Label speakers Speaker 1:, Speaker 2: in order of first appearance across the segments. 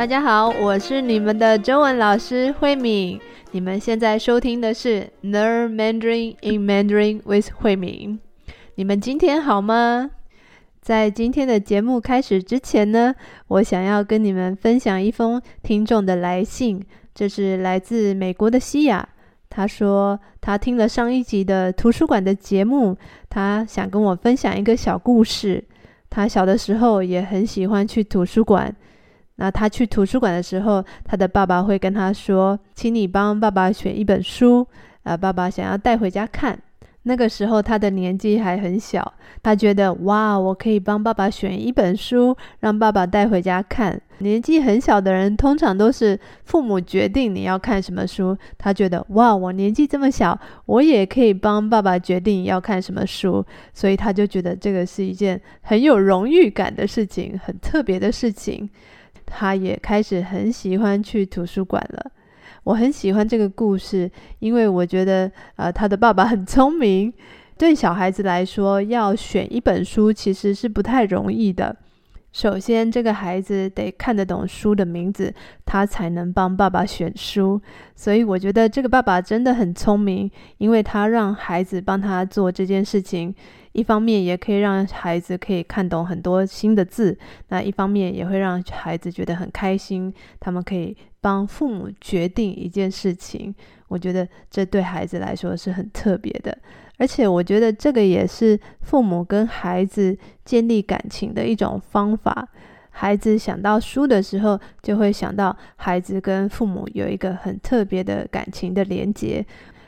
Speaker 1: 大家好，我是你們的中文老師慧敏。你們現在收聽的是 Learn Mandarin in Mandarin with 慧敏。你們今天好嗎？在今天的節目開始之前呢，我想要跟你們分享一封聽眾的來信。這是來自美國的西亞，他說他聽了上一集的圖書館的節目，他想跟我分享一個小故事。他小的時候也很喜歡去圖書館。那他去圖書館的時候，他的爸爸會跟他說：“請你幫爸爸選一本書啊，爸爸想要帶回家看。”那個時候他的年紀還很小，他覺得哇，我可以幫爸爸選一本書，讓爸爸帶回家看。年紀很小的人通常都是父母決定你要看什麼書，他覺得哇，我年紀這麼小，我也可以幫爸爸決定要看什麼書，所以他就覺得這個是一件很有榮譽感的事情，很特別的事情。他也開始很喜歡去圖書館了。我很喜歡這個故事，因為我覺得，呃，他的爸爸很聰明。對小孩子來說，要選一本書其實是不太容易的。首先，這個孩子得看得懂書的名字，他才能幫爸爸選書。所以，我覺得這個爸爸真的很聰明，因為他讓孩子幫他做這件事情。一方面，也可以讓孩子可以看懂很多新的字；那一方面，也會讓孩子覺得很開心，他們可以幫父母決定一件事情。我覺得這對孩子來說是很特別的。而且我覺得這個也是父母跟孩子建立感情的一種方法。孩子想到書的時候，就會想到孩子跟父母有一個很特別的感情的連接；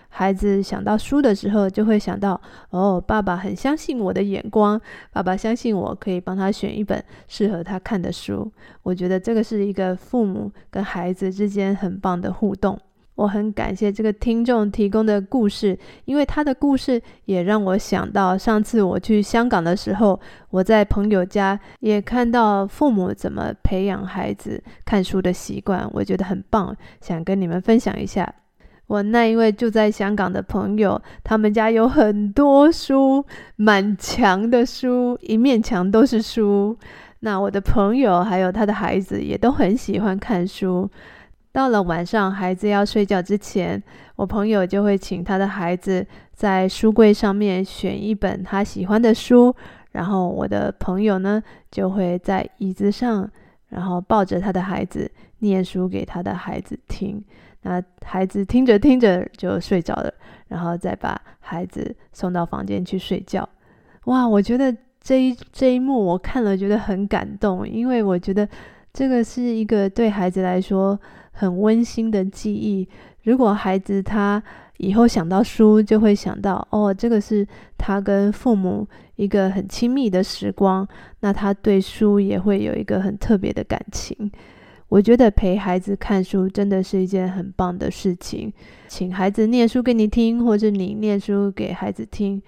Speaker 1: 孩子想到書的時候，就會想到哦，爸爸很相信我的眼光，爸爸相信我可以幫他選一本適合他看的書。我覺得這個是一個父母跟孩子之間很棒的互動。我很感謝這個聽眾提供的故事，因為他的故事也讓我想到上次我去香港的時候，我在朋友家也看到父母怎麼培養孩子看書的習慣，我覺得很棒，想跟你們分享一下。我那一位住在香港的朋友，他們家有很多書，滿牆的書，一面牆都是書。那我的朋友還有他的孩子也都很喜歡看書。到了晚上，孩子要睡覺之前，我朋友就會請他的孩子在書櫃上面選一本他喜歡的書，然後我的朋友呢就會在椅子上，然後抱着他的孩子念書給他的孩子聽，那孩子聽着聽着就睡着了，然後再把孩子送到房間去睡覺。哇，我覺得這一這一幕我看了覺得很感動，因為我覺得這個是一個對孩子來說。很溫馨的記憶。如果孩子他以後想到書，就會想到哦，這個是他跟父母一個很親密的時光。那他對書也會有一個很特別的感情。我覺得陪孩子看書真的是一件很棒的事情。請孩子念書給你聽，或者你念書給孩子聽。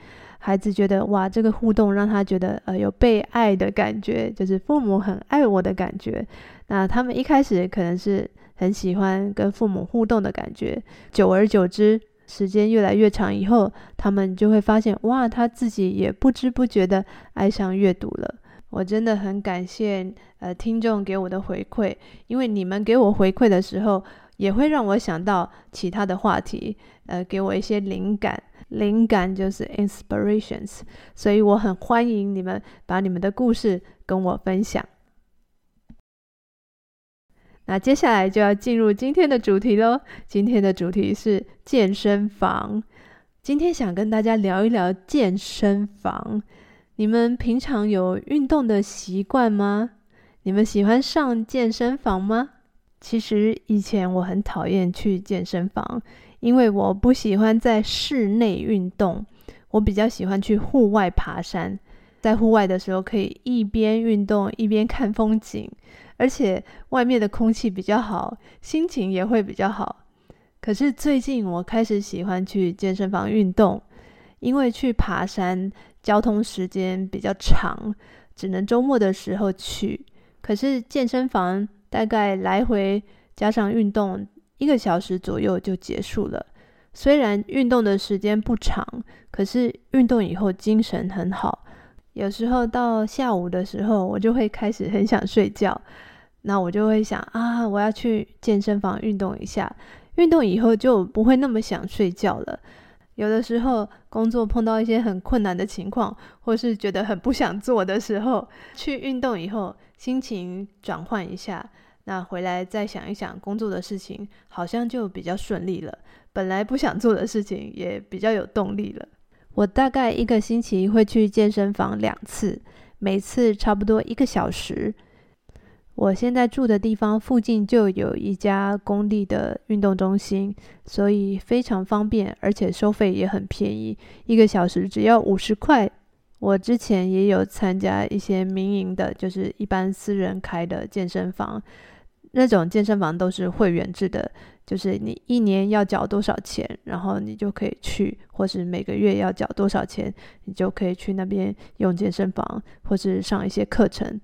Speaker 1: 孩子覺得哇，這個互動讓他覺得呃有被愛的感覺，就是父母很愛我的感覺。那他們一開始可能是很喜歡跟父母互動的感覺，久而久之，時間越來越長以後，他們就會發現哇，他自己也不知不覺的愛上閱讀了。我真的很感謝呃聽眾給我的回饋，因為你們給我回饋的時候，也會讓我想到其他的話題，呃，給我一些靈感。靈感就是 inspirations，所以我很歡迎你們把你們的故事跟我分享。那接下來就要進入今天的主題嘍。今天的主題是健身房。今天想跟大家聊一聊健身房。你們平常有運動的習慣嗎？你們喜歡上健身房嗎？其實以前我很討厭去健身房。因為我不喜歡在室內運動，我比較喜歡去戶外爬山。在戶外的時候，可以一邊運動一邊看風景，而且外面的空氣比較好，心情也會比較好。可是最近我開始喜歡去健身房運動，因為去爬山交通時間比較長，只能周末的時候去。可是健身房大概來回加上運動，一個小時左右就結束了。雖然運動的時間不長，可是運動以後精神很好。有時候到下午的時候，我就會開始很想睡覺。那我就會想啊，我要去健身房運動一下。運動以後就不會那麼想睡覺了。有的時候工作碰到一些很困難的情況，或是覺得很不想做的時候，去運動以後心情轉換一下。那回來再想一想工作的事情，好像就比較順利了。本來不想做的事情也比較有動力了。我大概一個星期會去健身房兩次，每次差不多一個小時。我現在住的地方附近就有一家公立的運動中心，所以非常方便，而且收費也很便宜，一個小時只要五十塊。我之前也有參加一些民營的，就是一般私人開的健身房。那種健身房都是會員制的，就是你一年要繳多少錢，然後你就可以去，或是每個月要繳多少錢，你就可以去那邊用健身房，或是上一些課程。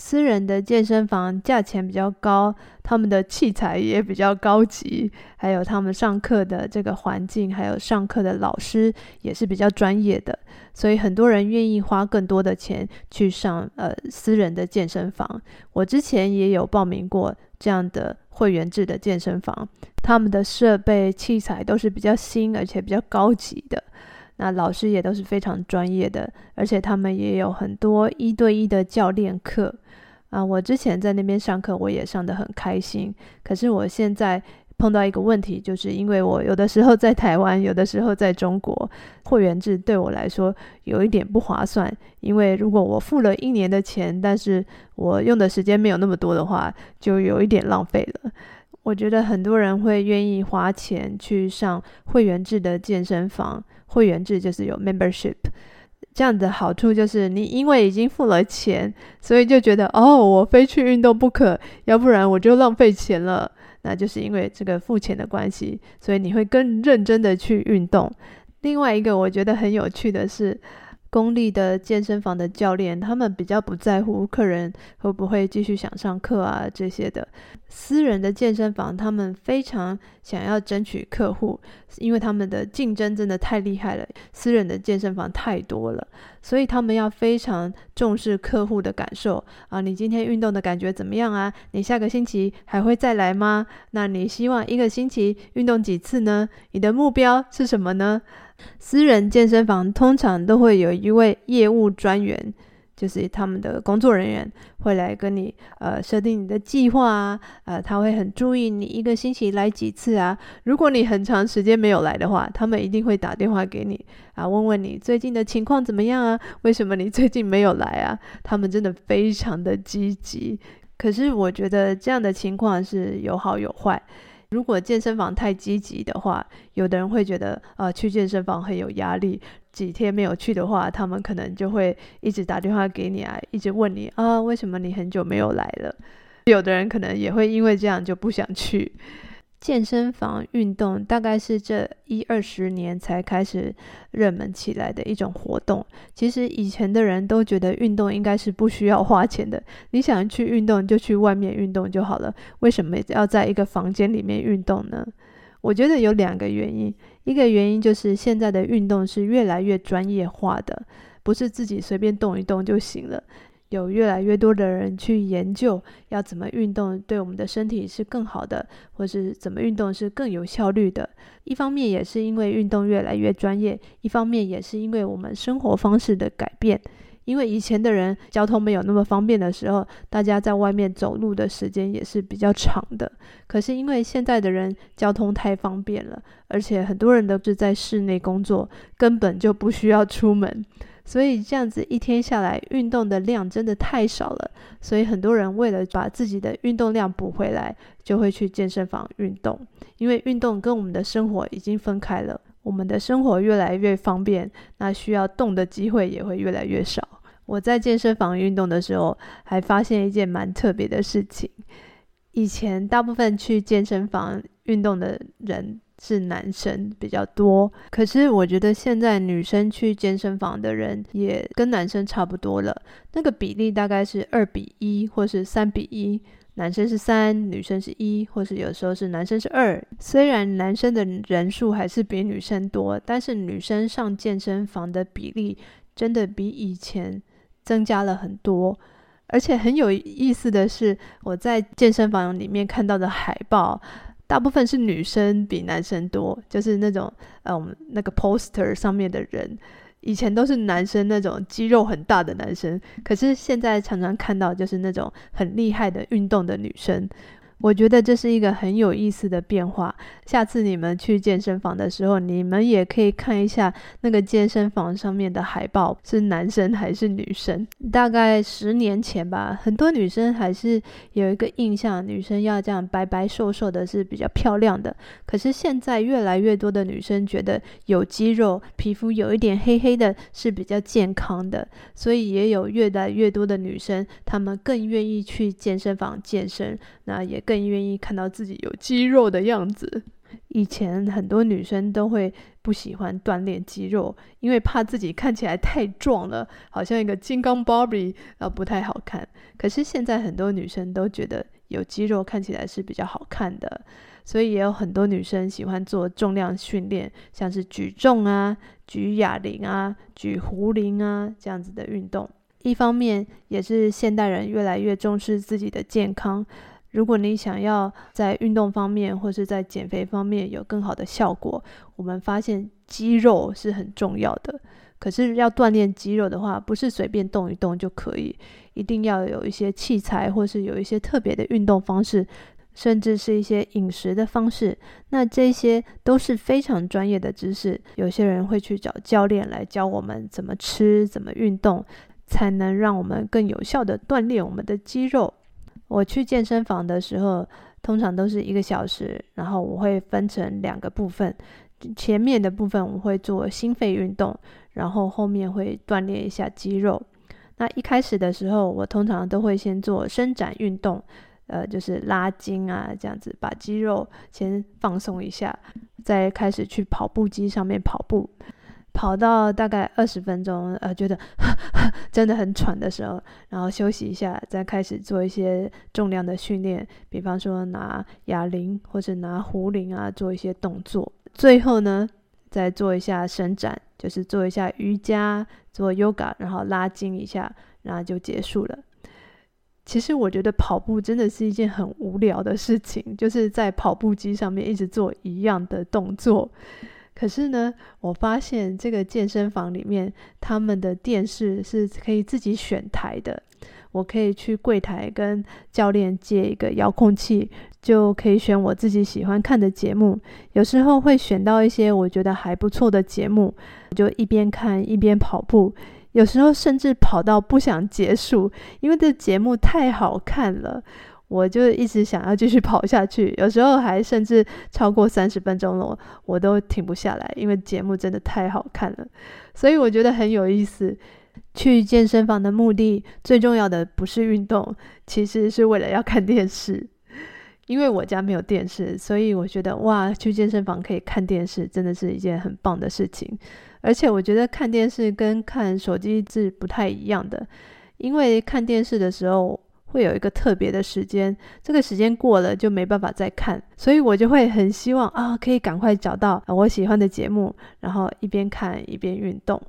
Speaker 1: 私人的健身房價錢比較高，他們的器材也比較高級，還有他們上課的這個環境，還有上課的老師也是比較專業的，所以很多人願意花更多的錢去上呃私人的健身房。我之前也有報名過這樣的會員制的健身房，他們的設備器材都是比較新而且比較高級的。那老師也都是非常專業的，而且他們也有很多一對一的教練課啊。我之前在那邊上課，我也上得很開心。可是我現在碰到一個問題，就是因為我有的時候在台灣，有的時候在中國，會員制對我來說有一點不划算。因為如果我付了一年的錢，但是我用的時間沒有那麼多的話，就有一點浪費了。我覺得很多人會願意花錢去上會員制的健身房。會員制就是有 membership，這樣的好處就是你因為已經付了錢，所以就覺得哦，我非去運動不可，要不然我就浪費錢了。那就是因為這個付錢的關係，所以你會更認真的去運動。另外一個我覺得很有趣的是，公立的健身房的教練，他們比較不在乎客人會不會繼續想上課啊這些的。私人的健身房，他們非常想要爭取客戶，因為他們的競爭真的太厲害了，私人的健身房太多了。所以他們要非常重視客戶的感受啊，你今天運動的感覺怎麼樣啊？你下個星期還會再來嗎？那你希望一個星期運動幾次呢？你的目標是什麼呢？私人健身房通常都會有一位業務專員。就是他們的工作人員會來跟你呃設定你的計劃啊，呃他會很注意你一個星期來幾次啊。如果你很長時間沒有來的話，他們一定會打電話給你啊，問問你最近的情況怎麼樣啊，為什麼你最近沒有來啊？他們真的非常的積極。可是我覺得這樣的情況是有好有壞。如果健身房太積極的話，有的人會覺得啊、呃，去健身房很有壓力。幾天沒有去的話，他們可能就會一直打電話給你啊，一直問你啊，為什麼你很久沒有來了？有的人可能也會因為這樣就不想去。健身房運動大概是這一二十年才開始熱門起來的一種活動。其實以前的人都覺得運動應該是不需要花錢的，你想去運動就去外面運動就好了，為什麼要在一個房間裡面運動呢？我覺得有兩個原因，一個原因就是現在的運動是越來越專業化的，不是自己隨便動一動就行了。有越來越多的人去研究要怎麼運動對我們的身體是更好的，或是怎麼運動是更有效率的。一方面也是因為運動越來越專業，一方面也是因為我們生活方式的改變。因為以前的人交通沒有那麼方便的時候，大家在外面走路的時間也是比較長的。可是因為現在的人交通太方便了，而且很多人都是在室內工作，根本就不需要出門。所以這樣子一天下來，運動的量真的太少了。所以很多人為了把自己的運動量補回來，就會去健身房運動。因為運動跟我們的生活已經分開了，我們的生活越來越方便，那需要動的機會也會越來越少。我在健身房運動的時候，還發現一件蠻特別的事情，以前大部分去健身房運動的人，是男生比較多，可是我覺得現在女生去健身房的人也跟男生差不多了，那個比例大概是二比一，或是三比一，男生是三，女生是一，或是有時候是男生是二。雖然男生的人數還是比女生多，但是女生上健身房的比例真的比以前增加了很多，而且很有意思的是，我在健身房裡面看到的海報。大部分是女生比男生多，就是那種，呃、嗯，我們那個 poster 上面的人，以前都是男生那種肌肉很大的男生，可是現在常常看到就是那種很厲害的運動的女生。我覺得這是一個很有意思的變化。下次你們去健身房的時候，你們也可以看一下那個健身房上面的海報，是男生還是女生。大概十年前吧，很多女生還是有一個印象，女生要這樣白白瘦瘦的是比較漂亮的。可是現在越來越多的女生覺得有肌肉、皮膚有一點黑黑的是比較健康的，所以也有越來越多的女生，她們更願意去健身房健身。那也。更願意看到自己有肌肉的樣子。以前很多女生都會不喜歡鍛鍊肌肉，因為怕自己看起來太壯了，好像一個金剛芭比，然後不太好看。可是現在很多女生都覺得有肌肉看起來是比較好看的，所以也有很多女生喜歡做重量訓練，像是舉重啊、舉啞鈴啊、舉壺鈴啊這樣子的運動。一方面也是現代人越來越重視自己的健康。如果你想要在運動方面或是在減肥方面有更好的效果，我們發現肌肉是很重要的。可是要鍛鍊肌肉的話，不是隨便動一動就可以，一定要有一些器材，或是有一些特別的運動方式，甚至是一些飲食的方式。那這些都是非常專業的知識，有些人會去找教練來教我們怎麼吃、怎麼運動，才能讓我們更有效地鍛鍊我們的肌肉。我去健身房的時候，通常都是一個小時，然後我會分成兩個部分，前面的部分我會做心肺運動，然後後面會鍛鍊一下肌肉。那一開始的時候，我通常都會先做伸展運動，呃，就是拉筋啊這樣子，把肌肉先放鬆一下，再開始去跑步機上面跑步。跑到大概二十分鐘，呃，覺得真的很喘的時候，然後休息一下，再開始做一些重量的訓練，比方說拿啞鈴或者拿壺鈴啊，做一些動作。最後呢，再做一下伸展，就是做一下瑜伽，做 yoga，然後拉筋一下，然後就結束了。其實我覺得跑步真的是一件很無聊的事情，就是在跑步機上面一直做一樣的動作。可是呢，我發現這個健身房裡面，他們的電視是可以自己選台的。我可以去櫃台跟教練借一個遙控器，就可以選我自己喜歡看的節目。有時候會選到一些我覺得還不錯的節目，就一邊看一邊跑步。有時候甚至跑到不想結束，因為這節目太好看了。我就一直想要繼續跑下去，有時候還甚至超過三十分鐘了，我都停不下來，因為節目真的太好看了。所以我覺得很有意思。去健身房的目的最重要的不是運動，其實是為了要看電視。因為我家沒有電視，所以我覺得哇，去健身房可以看電視，真的是一件很棒的事情。而且我覺得看電視跟看手機是不太一樣的，因為看電視的時候，會有一個特別的時間，這個時間過了就沒辦法再看，所以我就會很希望啊，可以趕快找到我喜歡的節目，然後一邊看一邊運動。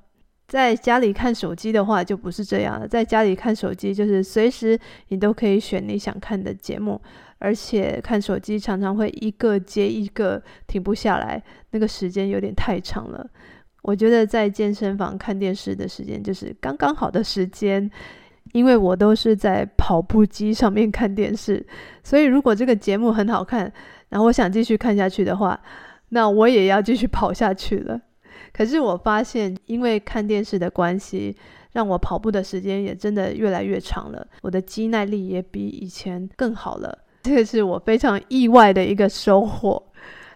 Speaker 1: 在家裡看手機的話就不是這樣了，在家裡看手機就是隨時你都可以選你想看的節目，而且看手機常常會一個接一個停不下來，那個時間有點太長了。我覺得在健身房看電視的時間就是剛剛好的時間。因為我都是在跑步機上面看電視，所以如果這個節目很好看，然後我想繼續看下去的話，那我也要繼續跑下去了。可是我發現，因為看電視的關係，讓我跑步的時間也真的越來越長了，我的肌耐力也比以前更好了。這個是我非常意外的一個收穫。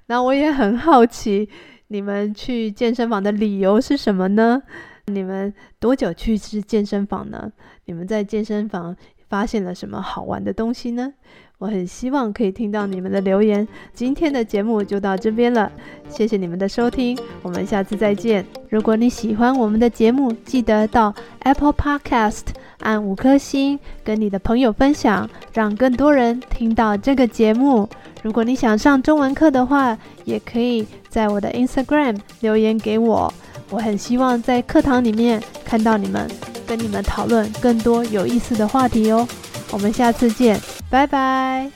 Speaker 1: 那我也很好奇，你們去健身房的理由是什麼呢？你們多久去一次健身房呢？你們在健身房發現了什麼好玩的東西呢？我很希望可以聽到你們的留言。今天的節目就到這邊了，謝謝你們的收聽，我們下次再見。如果你喜歡我們的節目，記得到 Apple Podcast 按五顆星，跟你的朋友分享，讓更多人聽到這個節目。如果你想上中文課的話，也可以在我的 Instagram 留言給我。我很希望在課堂裡面看到你們，跟你們討論更多有意思的話題哦。我們下次見，拜拜。